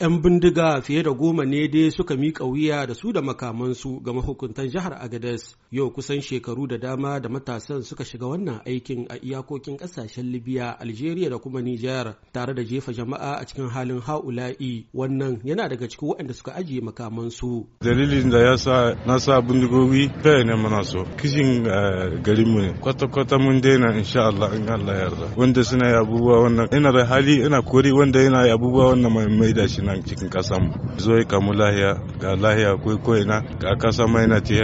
'Yan bindiga fiye da goma ne dai suka miƙa wuya da su da makamansu ga mahukuntan jihar Agadez yau kusan shekaru da dama da matasan suka shiga wannan aikin a iyakokin ƙasashen Libya, Algeria da kuma Niger, tare da jefa jama'a a cikin halin ha'ula'i wannan yana daga cikin waɗanda suka ajiye makamansu. Dalilin da ya sa na sa bindigogi ɗaya ne muna so. Kishin eh, garinmu ne kwata-kwata mun daina insha Allah in Allah yarda. Wanda suna yi abubuwa wannan ina da hali ina kori wanda yana yi abubuwa wannan mai da shi nan cikin kasan mu zo ya kamu lahiya ga lahiya ko ga kasa mai na ci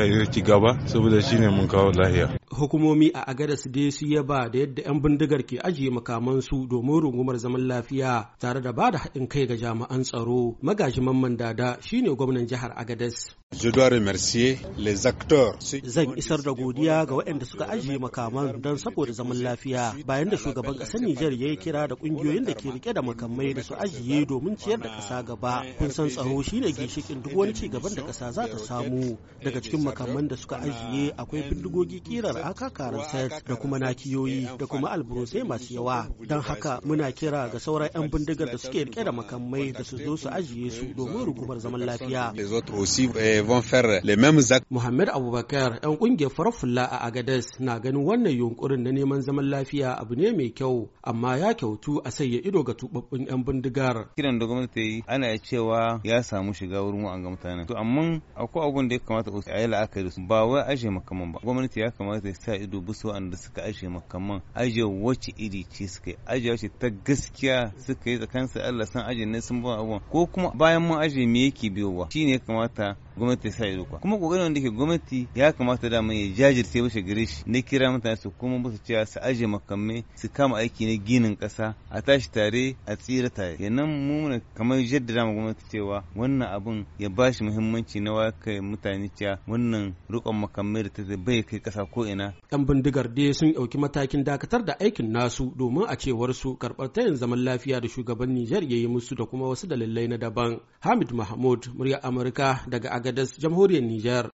gaba saboda shine mun kawo lahiya hukumomi a agadas dai su yaba da yadda 'yan bindigar ke ajiye makaman su domin rungumar zaman lafiya tare da bada hadin kai ga jami'an tsaro magajiman mandada shine gwamnan jihar agadas zan isar da godiya ga waɗanda suka ajiye makaman don saboda zaman lafiya bayan da shugaban ƙasar nijar ya kira da ƙungiyoyin da ke rike da makamai da su ajiye domin ciyar da ƙasa ƙasa gaba kun san tsaro shine ginshikin duk wani ci gaban da ƙasa za ta samu daga cikin makaman da suka ajiye akwai bindigogi kirar karan sayar da kuma nakiyoyi da kuma alburusai masu yawa don haka muna kira ga sauran 'yan bindigar da suke rike da makamai da su zo su ajiye su domin rugumar zaman lafiya eh, Muhammad Abubakar 'yan kungiyar farfulla a Agadez na ganin wannan yunkurin na neman zaman lafiya abu ne mai kyau amma ya kyautu a sanya ido ga tubabbun 'yan bindigar. Kiran da gwamnati ta yi ana cewa ya samu shiga wurin wa'anga mutanen to amma akwai abun da ya kamata a yi la'akari su ba wai aje makaman ba gwamnati ya kamata ya sa ido bisa wa'anda suka aje makaman aje wacce iri ce suka yi aje wacce ta gaskiya suka yi tsakansu Allah san aje ne sun ba abun ko kuma bayan mun aje me yake biyowa shine ya kamata gwamnati ya sa ido kuwa kuma kokarin wanda ke gwamnati ya kamata da mai jajirce bashi gare shi ne kira mutane su kuma musu cewa su aje makamai su kama aiki na ginin kasa a tashi tare a tsira tare yanan mu muna kamar jaddada ma gwamnati cewa wannan abun ya bashi muhimmanci na wakai mutane cewa wannan rukon makamai da ta bai kai kasa ko ina yan bindigar dai sun ɗauki matakin dakatar da aikin nasu domin a cewar su karɓar tayin zaman lafiya da shugaban Nijar ya yi musu da kuma wasu dalilai na daban Hamid Mahmud murya Amurka daga Agadas, jamhuriyar Nijar.